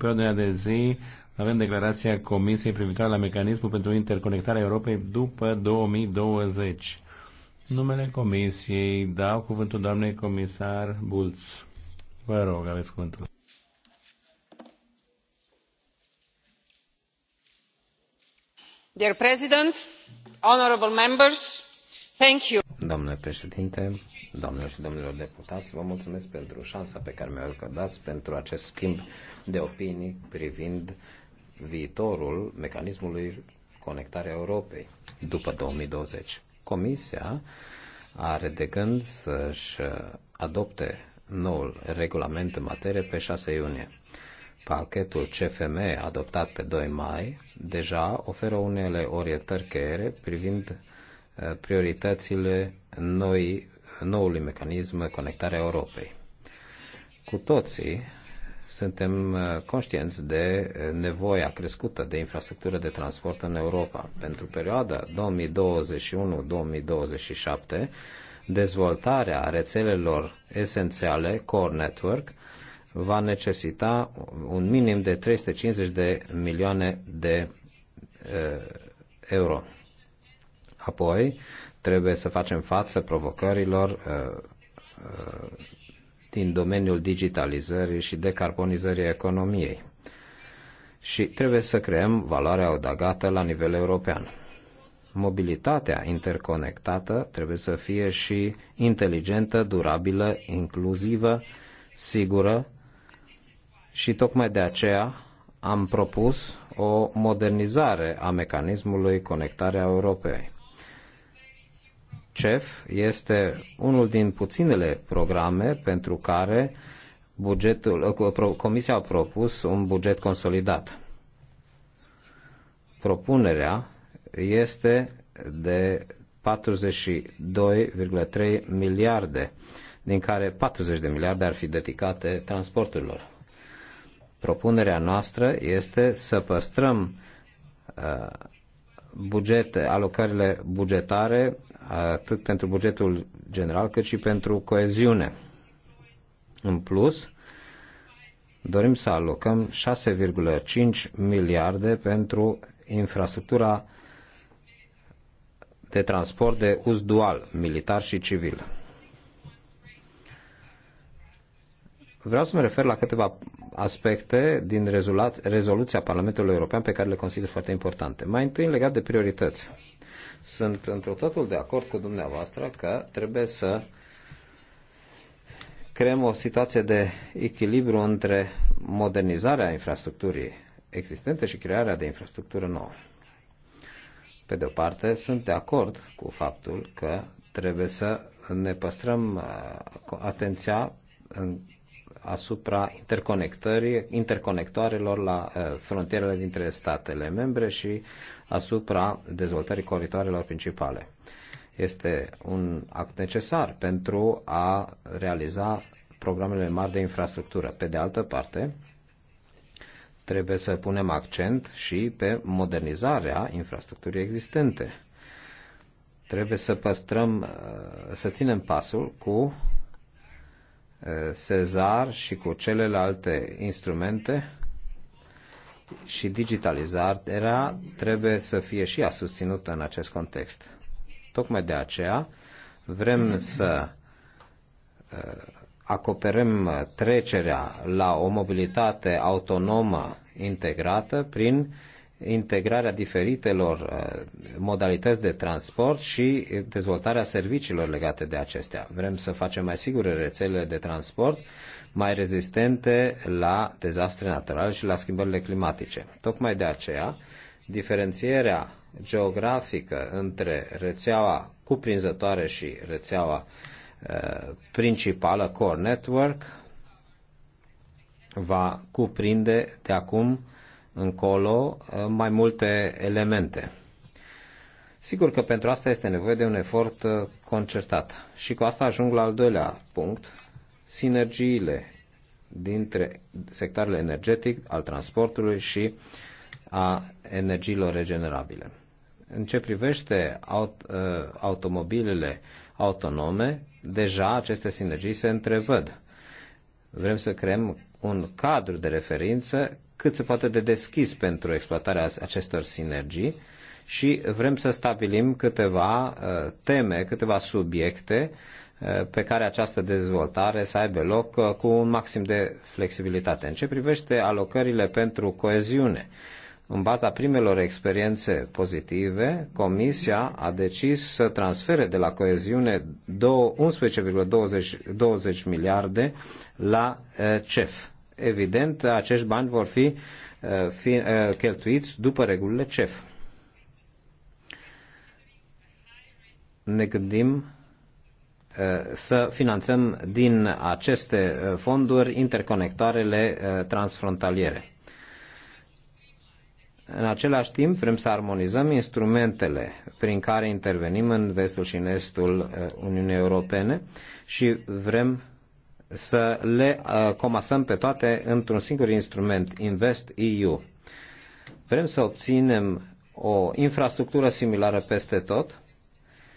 perioada ordinea de zi avem declarația Comisiei privitoare la mecanismul pentru interconectarea Europei după 2020. Numele Comisiei dau cuvântul doamnei comisar Bulț. Vă rog, aveți cuvântul. Dear President, honorable members, thank you. Domnule președinte, doamnelor și domnilor deputați, vă mulțumesc pentru șansa pe care mi-o dați pentru acest schimb de opinii privind viitorul mecanismului conectarea Europei după 2020. Comisia are de gând să-și adopte noul regulament în materie pe 6 iunie. Pachetul CFM adoptat pe 2 mai deja oferă unele orientări cheiere privind prioritățile noi, noului mecanism Conectarea Europei. Cu toții suntem uh, conștienți de uh, nevoia crescută de infrastructură de transport în Europa. Pentru perioada 2021-2027, dezvoltarea rețelelor esențiale, Core Network, va necesita un minim de 350 de milioane de uh, euro. Apoi, trebuie să facem față provocărilor uh, uh, din domeniul digitalizării și decarbonizării economiei. Și trebuie să creăm valoarea odagată la nivel european. Mobilitatea interconectată trebuie să fie și inteligentă, durabilă, inclusivă, sigură și tocmai de aceea am propus o modernizare a mecanismului conectarea Europei CEF este unul din puținele programe pentru care bugetul, Comisia a propus un buget consolidat. Propunerea este de 42,3 miliarde, din care 40 de miliarde ar fi dedicate transporturilor. Propunerea noastră este să păstrăm uh, bugete, alocările bugetare atât pentru bugetul general cât și pentru coeziune. În plus, dorim să alocăm 6,5 miliarde pentru infrastructura de transport de uz dual, militar și civil. Vreau să mă refer la câteva aspecte din rezoluția Parlamentului European pe care le consider foarte importante. Mai întâi legat de priorități. Sunt într totul de acord cu dumneavoastră că trebuie să creăm o situație de echilibru între modernizarea infrastructurii existente și crearea de infrastructură nouă. Pe de o parte, sunt de acord cu faptul că trebuie să ne păstrăm uh, atenția în asupra interconectării, interconectoarelor la eh, frontierele dintre statele membre și asupra dezvoltării coridoarelor principale. Este un act necesar pentru a realiza programele mari de infrastructură. Pe de altă parte, trebuie să punem accent și pe modernizarea infrastructurii existente. Trebuie să păstrăm, eh, să ținem pasul cu Sezar și cu celelalte instrumente și digitalizarea trebuie să fie și ea susținută în acest context. Tocmai de aceea vrem să uh, acoperăm trecerea la o mobilitate autonomă integrată prin integrarea diferitelor uh, modalități de transport și dezvoltarea serviciilor legate de acestea. Vrem să facem mai sigure rețelele de transport, mai rezistente la dezastre naturale și la schimbările climatice. Tocmai de aceea, diferențierea geografică între rețeaua cuprinzătoare și rețeaua uh, principală, Core Network, va cuprinde de acum încolo uh, mai multe elemente. Sigur că pentru asta este nevoie de un efort uh, concertat. Și cu asta ajung la al doilea punct, sinergiile dintre sectarele energetic, al transportului și a energiilor regenerabile. În ce privește aut, uh, automobilele autonome, deja aceste sinergii se întrevăd. Vrem să creăm un cadru de referință cât se poate de deschis pentru exploatarea acestor sinergii și vrem să stabilim câteva uh, teme, câteva subiecte uh, pe care această dezvoltare să aibă loc uh, cu un maxim de flexibilitate. În ce privește alocările pentru coeziune, în baza primelor experiențe pozitive, Comisia a decis să transfere de la coeziune 11,20 miliarde la eh, CEF. Evident, acești bani vor fi, eh, fi eh, cheltuiți după regulile CEF. Ne gândim să finanțăm din aceste fonduri interconectoarele transfrontaliere în același timp, vrem să armonizăm instrumentele prin care intervenim în vestul și în estul uh, Uniunii Europene și vrem să le uh, comasăm pe toate într-un singur instrument, Invest EU. Vrem să obținem o infrastructură similară peste tot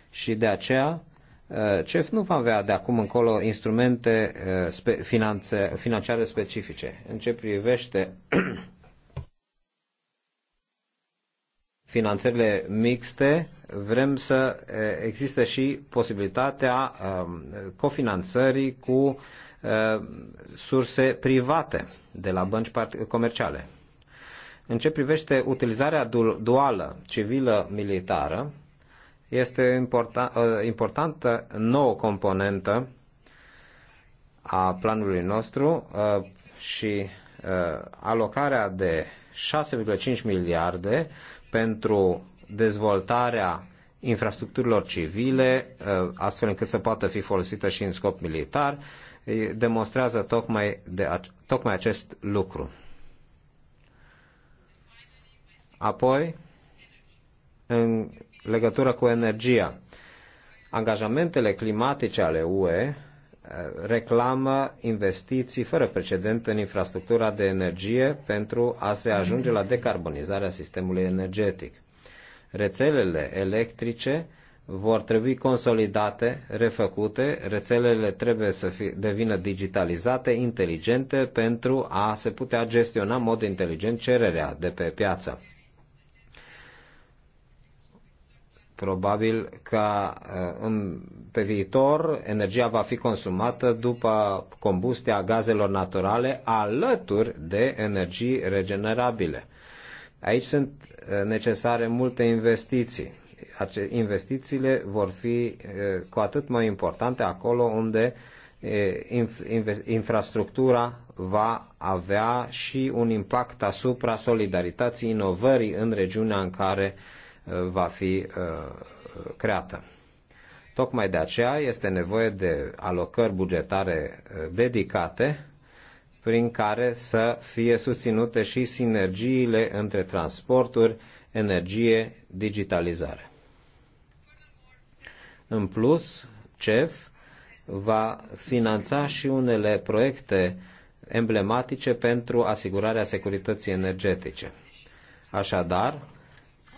și de aceea uh, CEF nu va avea de acum încolo instrumente finanțe, financiare specifice. În ce privește finanțările mixte, vrem să existe și posibilitatea um, cofinanțării cu um, surse private de la bănci comerciale. În ce privește utilizarea duală civilă-militară, este important, uh, importantă nouă componentă a planului nostru uh, și uh, alocarea de 6,5 miliarde pentru dezvoltarea infrastructurilor civile, ă, astfel încât să poată fi folosită și în scop militar, demonstrează tocmai, de, tocmai acest lucru. Apoi, în legătură cu energia, angajamentele climatice ale UE reclamă investiții fără precedent în infrastructura de energie pentru a se ajunge la decarbonizarea sistemului energetic. Rețelele electrice vor trebui consolidate, refăcute, rețelele trebuie să fie, devină digitalizate, inteligente, pentru a se putea gestiona în mod inteligent cererea de pe piață. Probabil că uh, în, pe viitor energia va fi consumată după combustia gazelor naturale alături de energii regenerabile. Aici sunt uh, necesare multe investiții. Investițiile vor fi uh, cu atât mai importante acolo unde infrastructura va avea și un impact asupra solidarității inovării în regiunea în care uh, va fi uh, creată. Tocmai de aceea este nevoie de alocări bugetare uh, dedicate prin care să fie susținute și sinergiile între transporturi, energie, digitalizare. În plus, CEF va finanța și unele proiecte emblematice pentru asigurarea securității energetice. Așadar,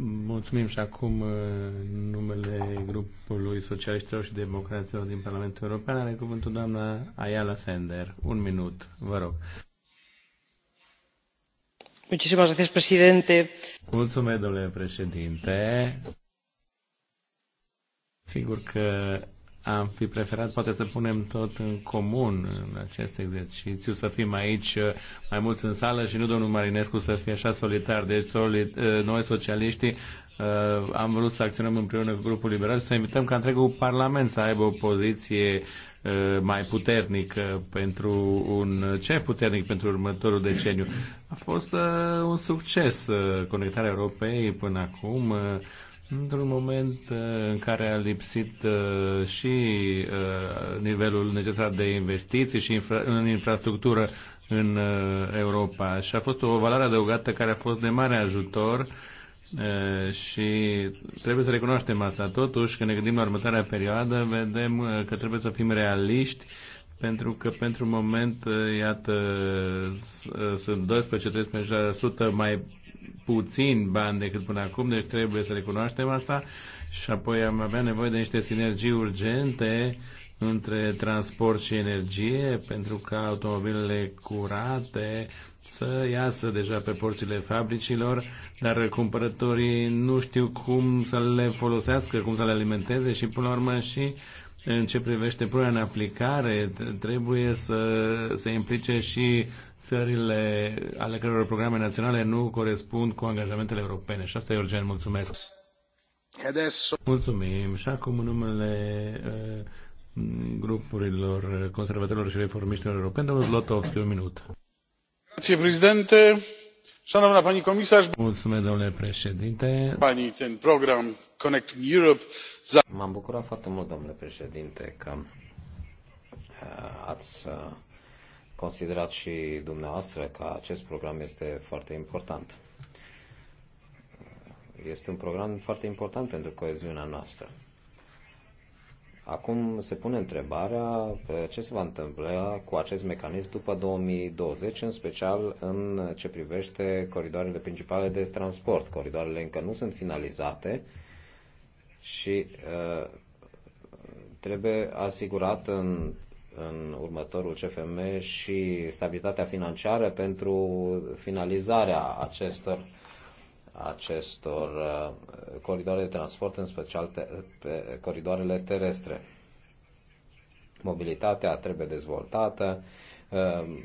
Mulțumim și acum uh, numele grupului socialiștilor și democraților din Parlamentul European are cuvântul doamna Ayala Sender. Un minut, vă rog. Mulțumesc, președinte. Mulțumesc, domnule președinte. Sigur că am fi preferat poate să punem tot în comun în acest exercițiu, să fim aici uh, mai mulți în sală și nu domnul Marinescu să fie așa solitar. Deci soli, uh, noi socialiștii uh, am vrut să acționăm împreună cu grupul liberal și să invităm ca întregul Parlament să aibă o poziție mai puternică pentru un cef puternic pentru următorul deceniu. A fost un succes conectarea Europei până acum într-un moment uh, în care a lipsit uh, și uh, nivelul necesar de investiții și infra- în infrastructură în Europa și a fost o valoare adăugată care a fost de mare ajutor și trebuie să recunoaștem asta. Totuși, când ne gândim la următoarea perioadă, vedem că trebuie să fim realiști pentru că pentru moment, iată, sunt 12-13% mai puțin bani decât până acum, deci trebuie să recunoaștem asta și apoi am avea nevoie de niște sinergii urgente între transport și energie pentru ca automobilele curate să iasă deja pe porțile fabricilor, dar cumpărătorii nu știu cum să le folosească, cum să le alimenteze și până la urmă și în ce privește punerea în aplicare, trebuie să se implice și țările ale căror programe naționale nu corespund cu angajamentele europene. Și asta e urgent. Mulțumesc! Mulțumim! Și acum în numele uh, grupurilor conservatorilor și reformiștilor europeni, domnul Zlotovski, un minut. Grazie, președinte! Szanowna pani komisarz, Mulțumesc, domnule președinte. Pani program Connecting Europe. M-am bucurat foarte mult, domnule președinte, că uh, ați uh, considerați și dumneavoastră că acest program este foarte important. Este un program foarte important pentru coeziunea noastră. Acum se pune întrebarea ce se va întâmpla cu acest mecanism după 2020, în special în ce privește coridoarele principale de transport. Coridoarele încă nu sunt finalizate și uh, trebuie asigurat în în următorul CFM și stabilitatea financiară pentru finalizarea acestor acestor uh, coridoare de transport, în special te, pe coridoarele terestre. Mobilitatea trebuie dezvoltată, uh,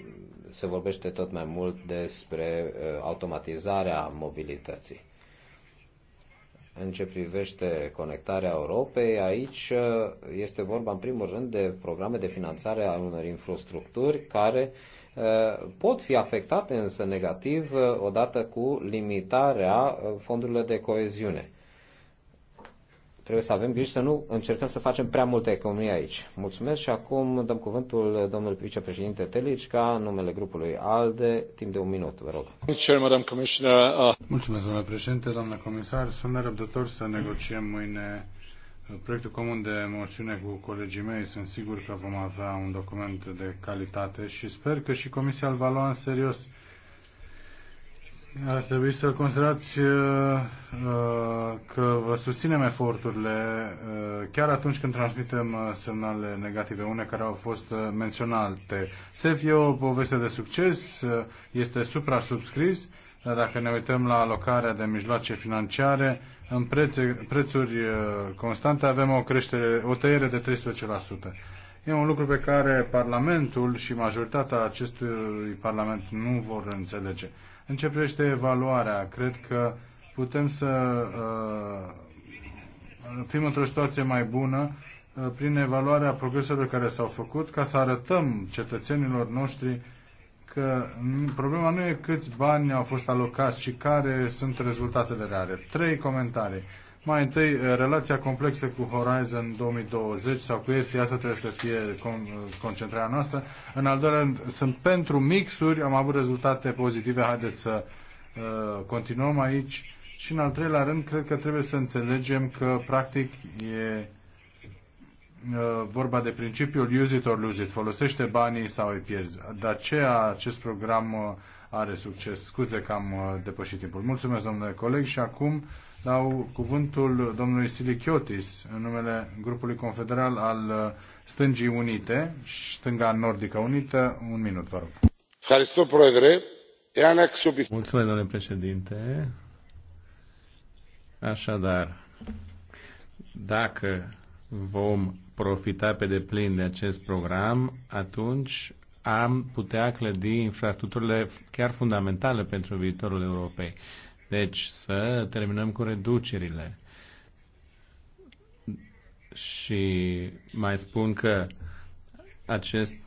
se vorbește tot mai mult despre uh, automatizarea mobilității. În ce privește conectarea Europei, aici uh, este vorba în primul rând de programe de finanțare a unor infrastructuri care uh, pot fi afectate însă negativ uh, odată cu limitarea fondurilor de coeziune trebuie să avem grijă să nu încercăm să facem prea multă economie aici. Mulțumesc și acum dăm cuvântul domnului vicepreședinte Telicca, numele grupului ALDE, timp de un minut, vă rog. Uh, Mulțumesc, domnule președinte, doamnă comisar. Sunt nerăbdător să negociem mâine uh, proiectul comun de moțiune cu colegii mei. Sunt sigur că vom avea un document de calitate și sper că și Comisia îl va lua în serios ar trebui să considerați uh, uh, că vă susținem eforturile uh, chiar atunci când transmitem semnale negative, une care au fost menționate. SEF e o poveste de succes, este supra subscris, dar dacă ne uităm la alocarea de mijloace financiare, în prețe, prețuri constante avem o creștere, o tăiere de 13%. E un lucru pe care Parlamentul și majoritatea acestui Parlament nu vor înțelege. În ce privește evaluarea, cred că putem să uh, fim într-o situație mai bună uh, prin evaluarea progreselor care s-au făcut, ca să arătăm cetățenilor noștri că problema nu e câți bani au fost alocați, ci care sunt rezultatele reale. Trei comentarii. Mai întâi, eh, relația complexă cu Horizon 2020 sau cu este, asta trebuie să fie eh, concentrarea noastră. În al doilea rând, sunt pentru mixuri, am avut rezultate pozitive, haideți să uh, continuăm aici. Și în al treilea rând, cred că trebuie să înțelegem că, practic, e uh, vorba de principiul use it or lose it, folosește banii sau îi pierzi. De aceea acest program uh, are succes. Scuze că am uh, depășit timpul. Mulțumesc, domnule coleg, și acum dau cuvântul domnului Silichiotis în numele grupului confederal al uh, Stângii Unite, și Stânga Nordică Unită. Un minut, vă rog. Mulțumesc, domnule președinte. Așadar, dacă vom profita pe deplin de acest program, atunci am putea clădi infrastructurile chiar fundamentale pentru viitorul Europei. Deci să terminăm cu reducerile. Și mai spun că acest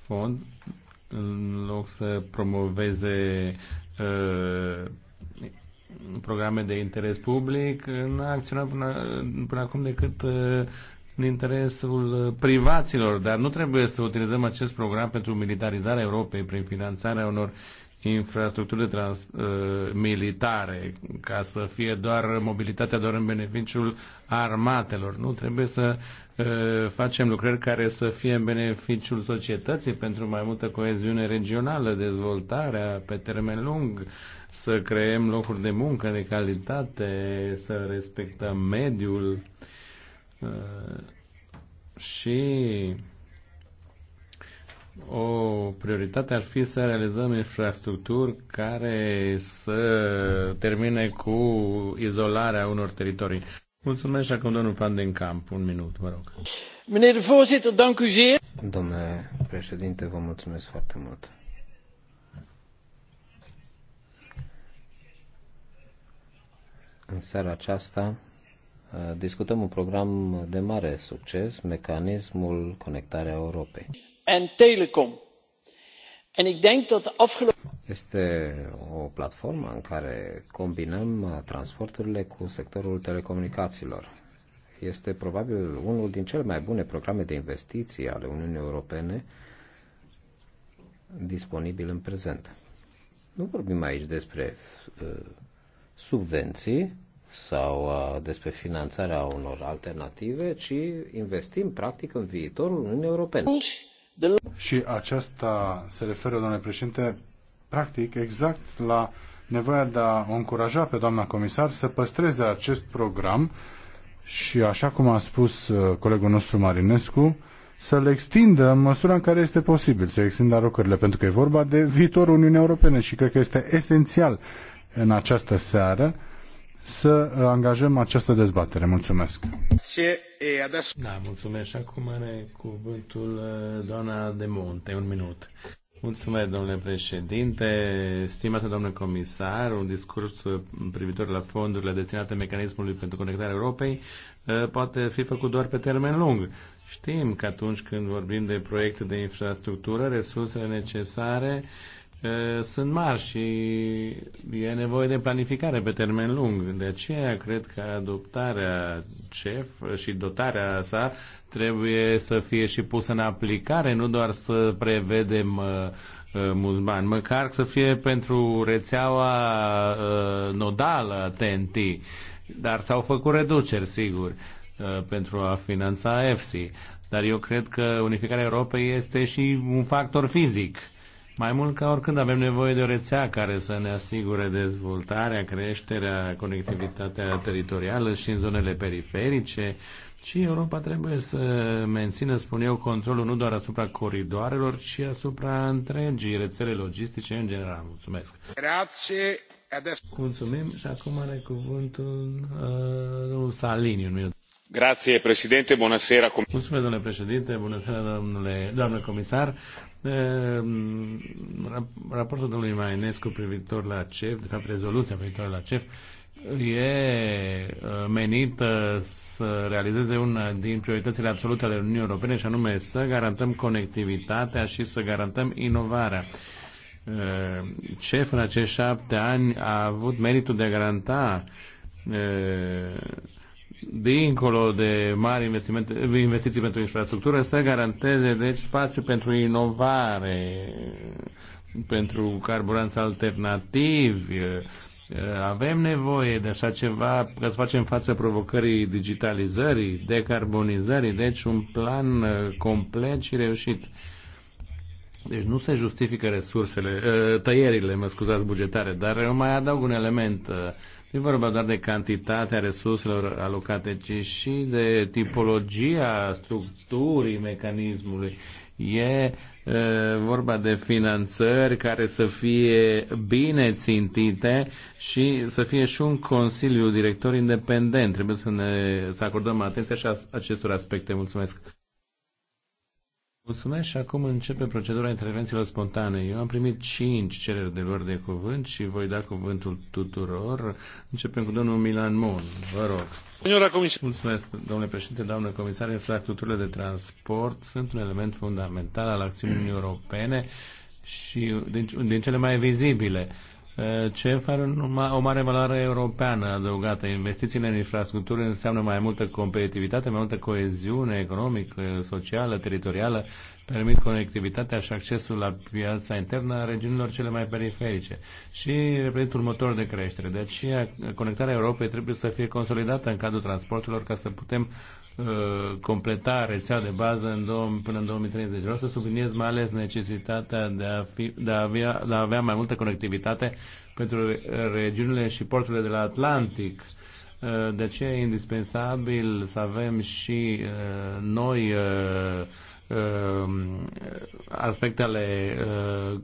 fond, în loc să promoveze uh, programe de interes public, n-a acționat până, până acum decât uh, în interesul uh, privaților, dar nu trebuie să utilizăm acest program pentru militarizarea Europei prin finanțarea unor infrastructuri trans, uh, militare, ca să fie doar mobilitatea doar în beneficiul armatelor. Nu trebuie să uh, facem lucrări care să fie în beneficiul societății pentru mai multă coeziune regională, dezvoltarea pe termen lung, să creăm locuri de muncă de calitate, să respectăm mediul. Uh, Uh, și o prioritate ar fi să realizăm infrastructuri care să termine cu izolarea unor teritorii. Mulțumesc și acum domnul Fan din Camp. Un minut, vă mă rog. Domnule președinte, vă mulțumesc foarte mult. În seara aceasta Eh, discutăm un program de mare succes, mecanismul Conectarea Europei. And Telecom. And I think that de afgelopen este o platformă în care combinăm eh, transporturile cu sectorul telecomunicațiilor. Este probabil unul din cele mai bune programe de investiții ale Uniunii Europene disponibil în prezent. Nu vorbim aici despre eh, subvenții, sau uh, despre finanțarea unor alternative, ci investim practic în viitorul Uniunii Europene. Și aceasta se referă, domnule președinte, practic exact la nevoia de a o încuraja pe doamna comisar să păstreze acest program și, așa cum a spus uh, colegul nostru Marinescu, să l extindă în măsura în care este posibil, să extindă rocările, pentru că e vorba de viitorul Uniunii Europene și cred că este esențial în această seară să uh, angajăm această dezbatere. Mulțumesc! Da, mulțumesc. Și acum are cuvântul uh, doamna de Monte, un minut. Mulțumesc, domnule președinte. Stimate domnule comisar, un discurs uh, privitor la fondurile destinate mecanismului pentru conectarea Europei poate fi făcut doar pe termen lung. Știm că atunci când vorbim de proiecte de infrastructură, resursele necesare uh, sunt mari și e nevoie de planificare pe termen lung. De aceea cred că adoptarea CEF și dotarea sa trebuie să fie și pusă în aplicare, nu doar să prevedem mulți bani, măcar să fie pentru rețeaua nodală TNT. Dar s-au făcut reduceri, sigur, pentru a finanța EFSI. Dar eu cred că unificarea Europei este și un factor fizic mai mult ca oricând avem nevoie de o rețea care să ne asigure dezvoltarea, creșterea, conectivitatea teritorială și în zonele periferice și Europa trebuie să mențină, spun eu, controlul nu doar asupra coridoarelor, ci asupra întregii rețele logistice în general. Mulțumesc! Grazie! Mulțumim și acum are cuvântul uh, domnul Salini, un minut președinte, Mulțumesc, domnule președinte, bună seara, domnule, doamnă comisar. Ehm, raportul domnului Maenescu privitor la CEF, de fapt rezoluția privitor la CEF, e uh, menită uh, să realizeze una din prioritățile absolute ale Uniunii Europene și anume să garantăm conectivitatea și să garantăm inovarea. Ehm, CEF în acești șapte ani a avut meritul de a garanta ehm, dincolo de mari investiții pentru infrastructură, să garanteze deci spațiu pentru inovare, pentru carburanți alternativi. Avem nevoie de așa ceva ca să facem față provocării digitalizării, decarbonizării, deci un plan uh, complet și reușit. Deci nu se justifică resursele, uh, tăierile, mă scuzați, bugetare, dar eu mai adaug un element uh, nu e vorba doar de cantitatea resurselor alocate, ci și de tipologia structurii mecanismului. E vorba de finanțări care să fie bine țintite și să fie și un consiliu director independent. Trebuie să ne să acordăm atenția și acestor aspecte. Mulțumesc! Mulțumesc și acum începe procedura intervențiilor spontane. Eu am primit cinci cereri de lor de cuvânt și voi da cuvântul tuturor. Începem cu domnul Milan Mon. Vă rog. Mulțumesc, domnule președinte, doamnă comisar. Infrastructurile de transport sunt un element fundamental al acțiunii europene și din, din cele mai vizibile. Eh, CEF are o mare valoare europeană adăugată. Investițiile în infrastructură înseamnă mai multă competitivitate, mai multă coeziune economică, socială, teritorială, permit conectivitatea și accesul la piața internă a regiunilor cele mai periferice și reprezintă un motor de creștere. De aceea, conectarea Europei trebuie să fie consolidată în cadrul transporturilor ca să putem Uh, completa rețea de bază în două, până în 2030. Vreau să subliniez mai ales necesitatea de a, fi, de, a avea, de a avea mai multă conectivitate pentru regiunile și porturile de la Atlantic. Uh, de ce e indispensabil să avem și uh, noi Um, aspecte ale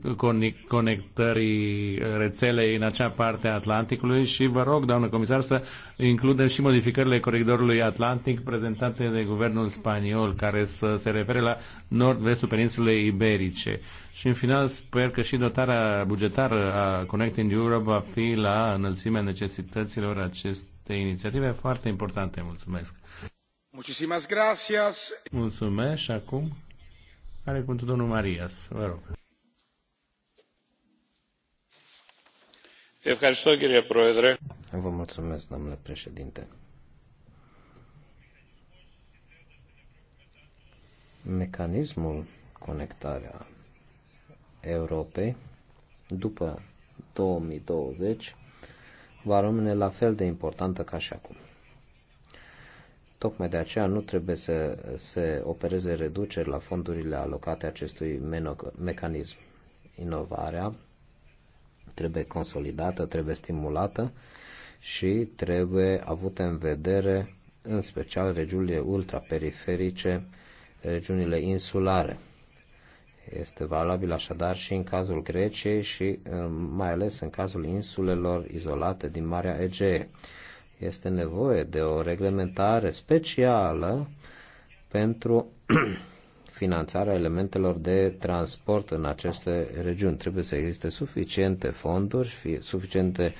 uh, conectării rețelei în acea parte a Atlanticului și vă rog, doamnă comisar, să includem și modificările coridorului Atlantic prezentate de guvernul spaniol, care să se refere la nord-vestul peninsulei iberice. Și în final sper că și dotarea bugetară a Connecting Europe va fi la înălțimea necesităților acestei inițiative foarte importante. Mulțumesc! Muchísimas gracias. Mulțumesc și acum are cuvântul domnul Marias. Vă rog. Vă mulțumesc, domnule președinte. Mecanismul conectarea Europei după 2020 va rămâne la fel de importantă ca și acum. Tocmai de aceea nu trebuie să se opereze reduceri la fondurile alocate acestui mecanism. Inovarea trebuie consolidată, trebuie stimulată și trebuie avută în vedere în special regiunile ultraperiferice, regiunile insulare. Este valabil așadar și în cazul Greciei și um, mai ales în cazul insulelor izolate din Marea Egee este nevoie de o reglementare specială pentru finanțarea elementelor de transport în aceste regiuni. Trebuie să existe suficiente fonduri, suficiente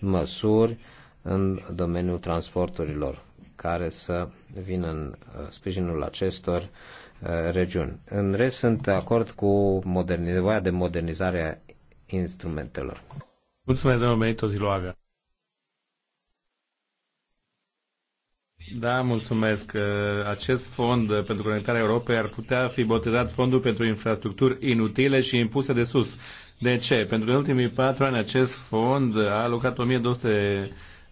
măsuri în domeniul transporturilor care să vină în uh, sprijinul acestor uh, regiuni. În rest, sunt de acord cu nevoia de modernizare a instrumentelor. Mulțumesc, domnul Benito Ziloaga. Da, mulțumesc. Uh, acest fond pentru conectarea Europei ar putea fi botezat fondul pentru infrastructuri inutile și impuse de sus. De ce? Pentru în ultimii patru ani acest fond a alocat 1200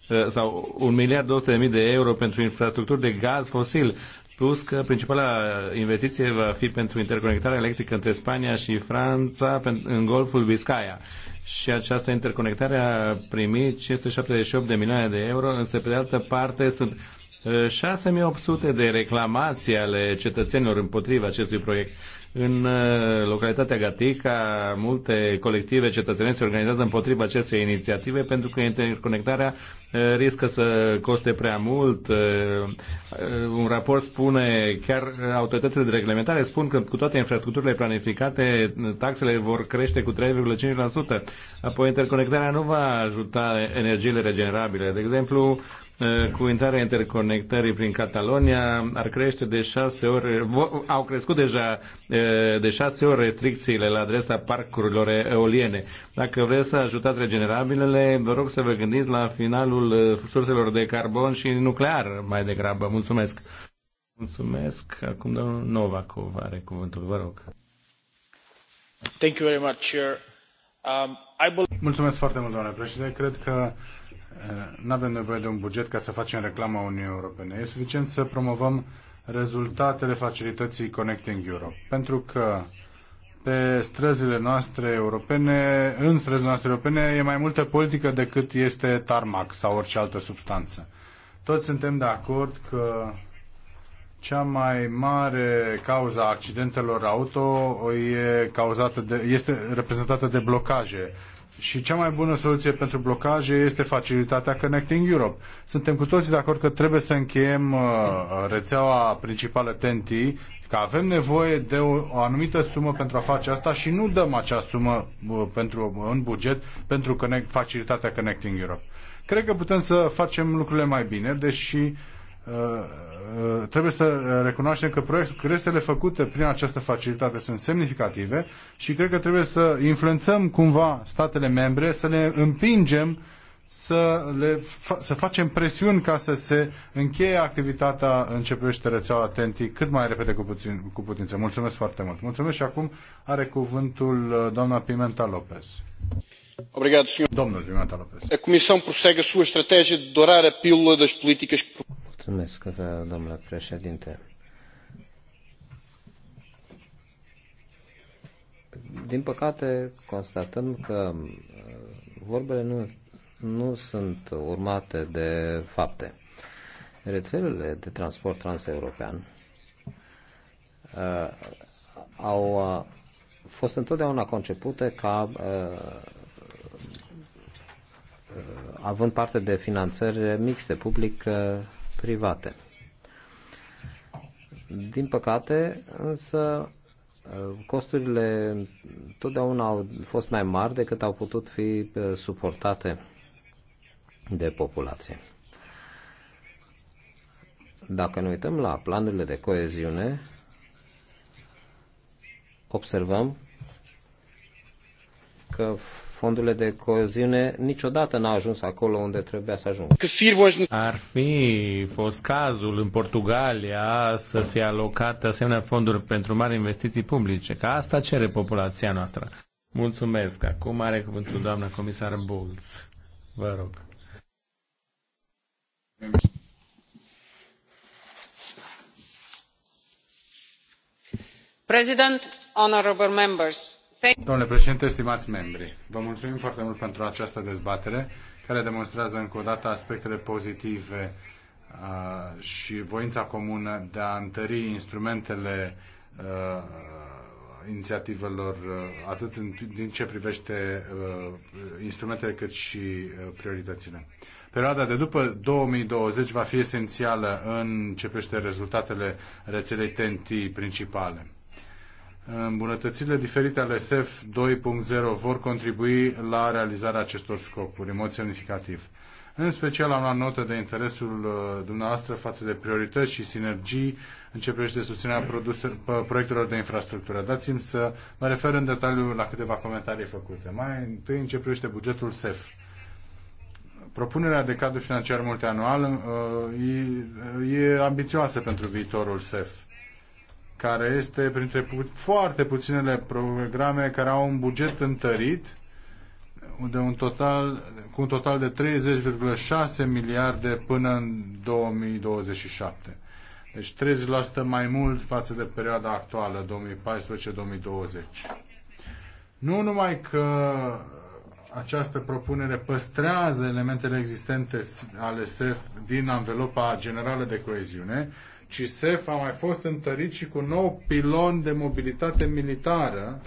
uh, sau 1 miliard 200 de mii de euro pentru infrastructuri de gaz fosil, plus că principala investiție va fi pentru interconectarea electrică între Spania și Franța în Golful Biscaya. Și această interconectare a primit 578 de milioane de euro, însă pe de altă parte sunt 6800 de reclamații ale cetățenilor împotriva acestui proiect. În uh, localitatea Gatica, multe colective cetățenești se organizează împotriva acestei inițiative pentru că interconectarea uh, riscă să coste prea mult. Uh, un raport spune, chiar autoritățile de reglementare spun că cu toate infrastructurile planificate, taxele vor crește cu 3,5%. Apoi interconectarea nu va ajuta energiile regenerabile. De exemplu, Eh, cu intrarea interconectării prin Catalonia ar crește de șase ori, au crescut deja eh, de șase ori restricțiile la adresa parcurilor eoliene. Dacă vreți să ajutați regenerabilele, vă rog să vă gândiți la finalul eh, surselor de carbon și nuclear mai degrabă. Mulțumesc! Mulțumesc. Acum domnul Novakov are cuvântul. Vă rog. Thank you very much, Chair. Um, I believe... Mulțumesc foarte mult, domnule președinte. Cred că nu avem nevoie de un buget ca să facem reclama Uniunii Europene. E suficient să promovăm rezultatele facilității Connecting Europe. Pentru că pe străzile noastre europene, în străzile noastre europene, e mai multă politică decât este tarmac sau orice altă substanță. Toți suntem de acord că cea mai mare cauza accidentelor auto e cauzată de, este reprezentată de blocaje și cea mai bună soluție pentru blocaje este facilitatea Connecting Europe. Suntem cu toții de acord că trebuie să încheiem uh, rețeaua principală TNT, că avem nevoie de o, anumită sumă pentru a face asta și nu dăm acea sumă uh, pentru, în buget pentru connect, facilitatea Connecting Europe. Cred că putem să facem lucrurile mai bine, deși Uh, uh, trebuie să uh, recunoaștem că proiectele făcute prin această facilitate sunt semnificative și cred că trebuie să influențăm cumva statele membre, să le împingem să, le fa- să facem presiuni ca să se încheie activitatea începește rețeaua TNT cât mai repede cu, puțin, cu putință. Mulțumesc foarte mult. Mulțumesc și acum are cuvântul doamna Pimenta Lopez. Obrigado, senhor. Domnul Pimenta Lopez. A Comissão prossegue a sua estratégia de dorar a pílula das políticas que Mulțumesc, domnule președinte. Din păcate, constatăm că uh, vorbele nu, nu sunt urmate de fapte. Rețelele de transport transeuropean uh, au uh, fost întotdeauna concepute ca uh, uh având parte de finanțări mixte, public uh, private. Din păcate, însă, costurile totdeauna au fost mai mari decât au putut fi uh, suportate de populație. Dacă ne uităm la planurile de coeziune, observăm că fondurile de coziune niciodată n-a ajuns acolo unde trebuia să ajungă. Ar fi fost cazul în Portugalia să fie alocate asemenea fonduri pentru mari investiții publice, că asta cere populația noastră. Mulțumesc. Acum are cuvântul doamna comisar Bulț. Vă rog. President, honorable members, Domnule președinte, stimați membri, vă mulțumim foarte mult pentru această dezbatere care demonstrează încă o dată aspectele pozitive uh, și voința comună de a întări instrumentele uh, inițiativelor, uh, atât în, din ce privește uh, instrumentele cât și uh, prioritățile. Perioada de după 2020 va fi esențială în ce privește rezultatele rețelei TNT principale Îmbunătățirile diferite ale SEF 2.0 vor contribui la realizarea acestor scopuri în mod semnificativ. În special am luat notă de interesul uh, dumneavoastră față de priorități și sinergii în ce privește susținerea produse, proiectelor de infrastructură. Dați-mi să mă refer în detaliu la câteva comentarii făcute. Mai întâi în ce privește bugetul SEF. Propunerea de cadru financiar multianual uh, e ambițioasă pentru viitorul SEF care este printre pu- foarte puținele programe care au un buget întărit de un total, cu un total de 30,6 miliarde până în 2027. Deci 30% mai mult față de perioada actuală, 2014-2020. Nu numai că această propunere păstrează elementele existente ale SEF din anvelopa generală de coeziune, CISEF a mai fost întărit și cu nou pilon de mobilitate militară,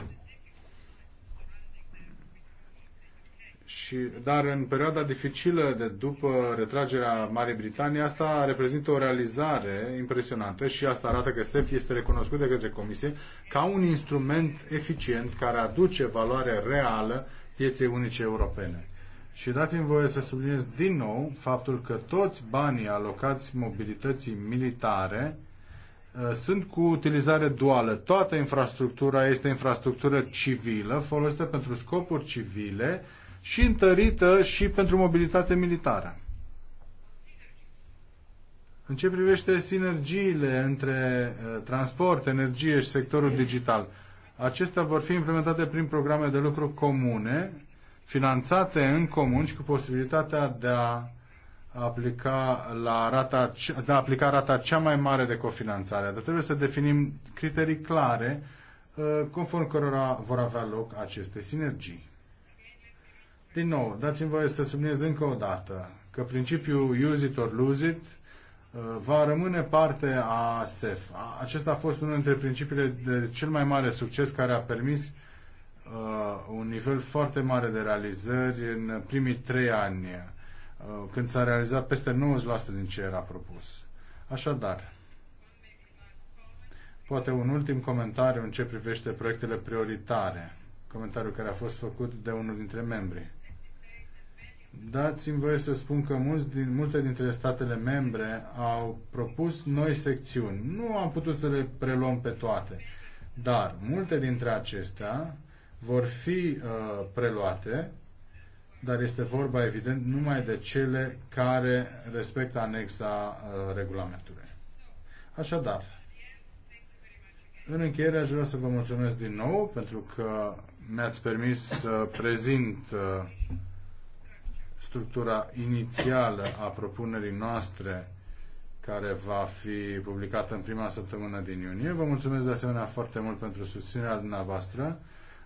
Și, dar în perioada dificilă de după retragerea Marii Britanii, asta reprezintă o realizare impresionantă și asta arată că SEF este recunoscut de către Comisie ca un instrument eficient care aduce valoare reală pieței unice europene. Și dați-mi voie să subliniez din nou faptul că toți banii alocați mobilității militare uh, sunt cu utilizare duală. Toată infrastructura este infrastructură civilă, folosită pentru scopuri civile și întărită și pentru mobilitate militară. În ce privește sinergiile între uh, transport, energie și sectorul digital, acestea vor fi implementate prin programe de lucru comune finanțate în comun și cu posibilitatea de a aplica, la rata, de a aplica rata cea mai mare de cofinanțare. Dar trebuie să definim criterii clare uh, conform cărora vor avea loc aceste sinergii. Din nou, dați-mi voie să subliniez încă o dată că principiul use it or lose it uh, va rămâne parte a SEF. Acesta a fost unul dintre principiile de cel mai mare succes care a permis Uh, un nivel foarte mare de realizări în primii trei ani, uh, când s-a realizat peste 90% din ce era propus. Așadar, poate un ultim comentariu în ce privește proiectele prioritare, comentariu care a fost făcut de unul dintre membri. Dați-mi voie să spun că mulți din, multe dintre statele membre au propus noi secțiuni. Nu am putut să le preluăm pe toate, dar multe dintre acestea vor fi uh, preluate, dar este vorba, evident, numai de cele care respectă anexa uh, regulamentului. Așadar, în încheiere aș vrea să vă mulțumesc din nou pentru că mi-ați permis să prezint uh, structura inițială a propunerii noastre care va fi publicată în prima săptămână din iunie. Vă mulțumesc de asemenea foarte mult pentru susținerea dumneavoastră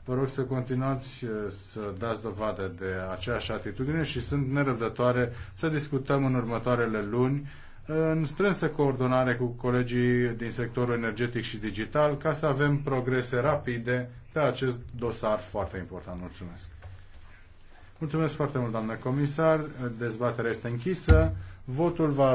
Vă rog să continuați uh, să dați dovadă de aceeași atitudine și sunt nerăbdătoare să discutăm în următoarele luni în strânsă coordonare cu colegii din sectorul energetic și digital ca să avem progrese rapide pe acest dosar foarte important. Mulțumesc! Mulțumesc foarte mult, doamnă comisar. Dezbaterea este închisă. Votul va